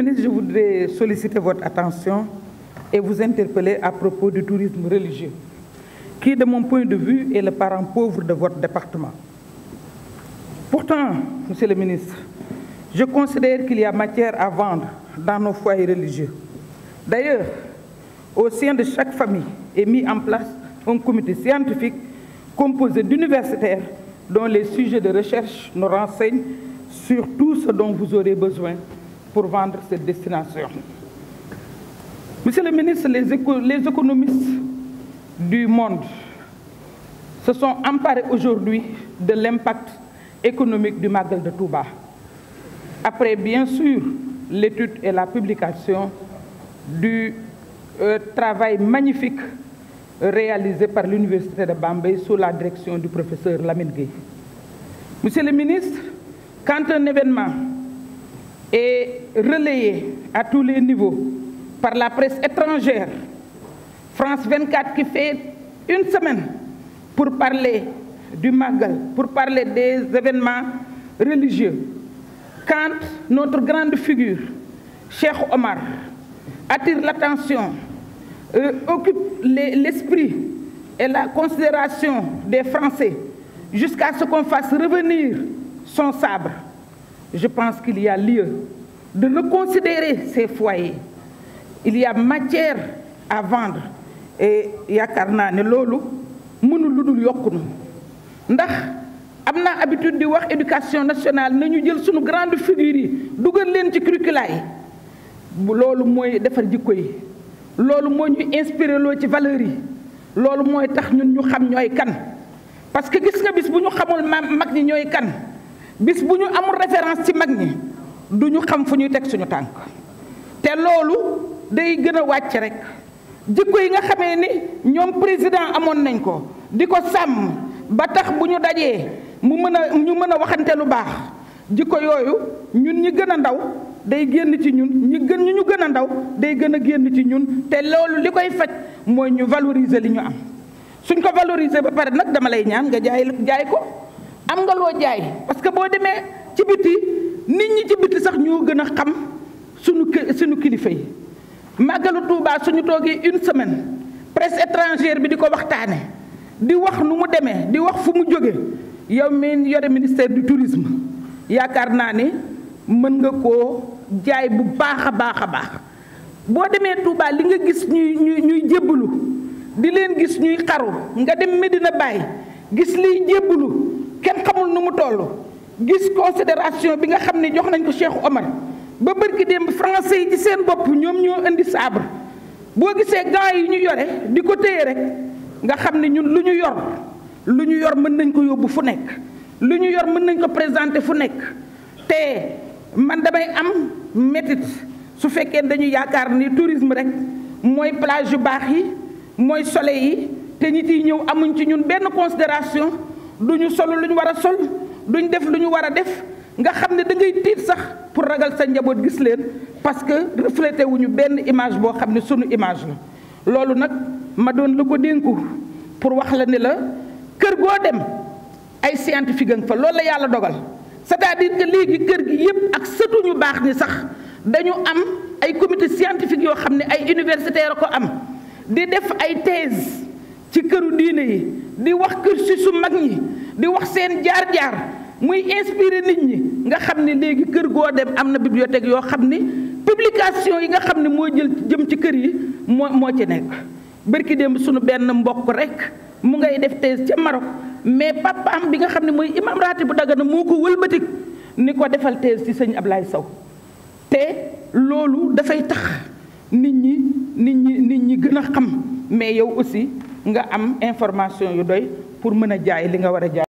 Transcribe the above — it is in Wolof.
Monsieur le ministre, je voudrais solliciter votre attention et vous interpeller à propos du tourisme religieux, qui, de mon point de vue, est le parent pauvre de votre département. Pourtant, Monsieur le ministre, je considère qu'il y a matière à vendre dans nos foyers religieux. D'ailleurs, au sein de chaque famille est mis en place un comité scientifique composé d'universitaires dont les sujets de recherche nous renseignent sur tout ce dont vous aurez besoin pour vendre cette destination. Monsieur le ministre, les, économistes du monde se sont emparés aujourd'hui de l'impact économique du Magal de Touba. Après, bien sûr, l'étude et la publication du euh, travail magnifique euh, réalisé par l'Université de Bambay sous la direction du professeur Lamine Gueye. Monsieur le ministre, quand un événement et relayé à tous les niveaux par la presse étrangère. France 24 qui fait une semaine pour parler du Magal, pour parler des événements religieux. Quand notre grande figure, Cheikh Omar, attire l'attention, euh, occupe l'esprit et la considération des Français jusqu'à ce qu'on fasse revenir son sabre je pense qu'il y a lieu de ne considérer ces foyers. Il y a matière à vendre et yaakaar naa ne loolu mënul lu dul yokku nu ndax am naa habitude di wax éducation nationale nañu jël suñu grande figure yi dugal leen ci curricula yi loolu mooy defar jikko yi loolu mooy ñu inspiré loo ci valeur yi loolu mooy tax ñun ñu xam ñooy kan parce que gis nga bis bu ñu xamul maam mag ñi ñooy kan bis bu ñu amul référence ci mag ñi du ñu xam fu ñuy teg suñu tànk te loolu day gën a wàcc rek jikko yi nga xamee ni ñoom président amoon nañ ko di ko sàmm ba tax bu ñu dajee mu mën a ñu mën a waxante lu baax jikko yooyu ñun ñi gën a ndaw day génn ci ñun ñi gën ñu ñu gën a ndaw day gën a génn ci ñun te loolu li koy faj mooy ñu valoriser li ñu am suñ ko valoriser ba pare nag dama lay ñaan nga jaay jaay ko am nga loo jaay parce que boo demee ci biti nit ñi ci biti sax ñoo gën a xam suñu suñu kilifa yi màggalu Tuubaa suñu toogee une semaine presse étrangère bi di ko waxtaane di wax nu mu demee di wax fu mu jóge yow mi yore ministère du tourisme yaakaar naa ni mën nga koo jaay bu baax a baax a baax boo demee Touba li nga gis ñuy ñuy ñuy jébbalu di leen gis ñuy xaru nga dem Medina bàyyi gis liy jébbalu kenn xamul nu mu toll gis considération bi nga xam ne jox nañ ko Cheikh Omar ba bërki démb français yi ci seen bopp ñoom ñoo indi sabre boo gisee gants yi ñu yore di ko téye rek nga xam ne ñun lu ñu yor lu ñu yor mën nañ ko yóbbu fu nekk lu ñu yor mën nañ ko présenter fu nekk te man damay am métit su fekkee dañu yaakaar ni tourisme rek mooy plage yu baax yi mooy soleil yi te nit yi ñëw amuñ ci ñun benn considération du ñu sol lu ñu war a sol duñ def lu ñu war a def nga xam ne da tiit sax pour ragal sa njaboot gis leen parce que reflété wuñu benn image boo xam ne sunu image la loolu nag ma doon la ko dénku pour wax la ne la kër goo dem ay scientifique nga fa loolu la yàlla dogal cest à léegi kër gi yépp ak sëtuñu baax ni sax dañu am ay comité scientifique yoo xam ne ay a ko am di def ay thèse ci këru diine yi di wax kër si su mag ñi di wax seen jaar jaar muy inspirer nit ñi nga xamni legi léegi kër goo dem amna bibliothèque yo xamni publication yi nga xamni mo jël jëm ci kër yi mo moo ci nek barki dem suñu ben mbokk rek mu ngay def thèse ci Maroc mais am bi nga xamni moy imam rati bu dagana moko ko ni ko defal thèse ci Ablaye té te da fay tax nit ñi nit ñi nit ñi gëna xam mais yow aussi nga am information yu doy pour mëna jaay li nga wara jaay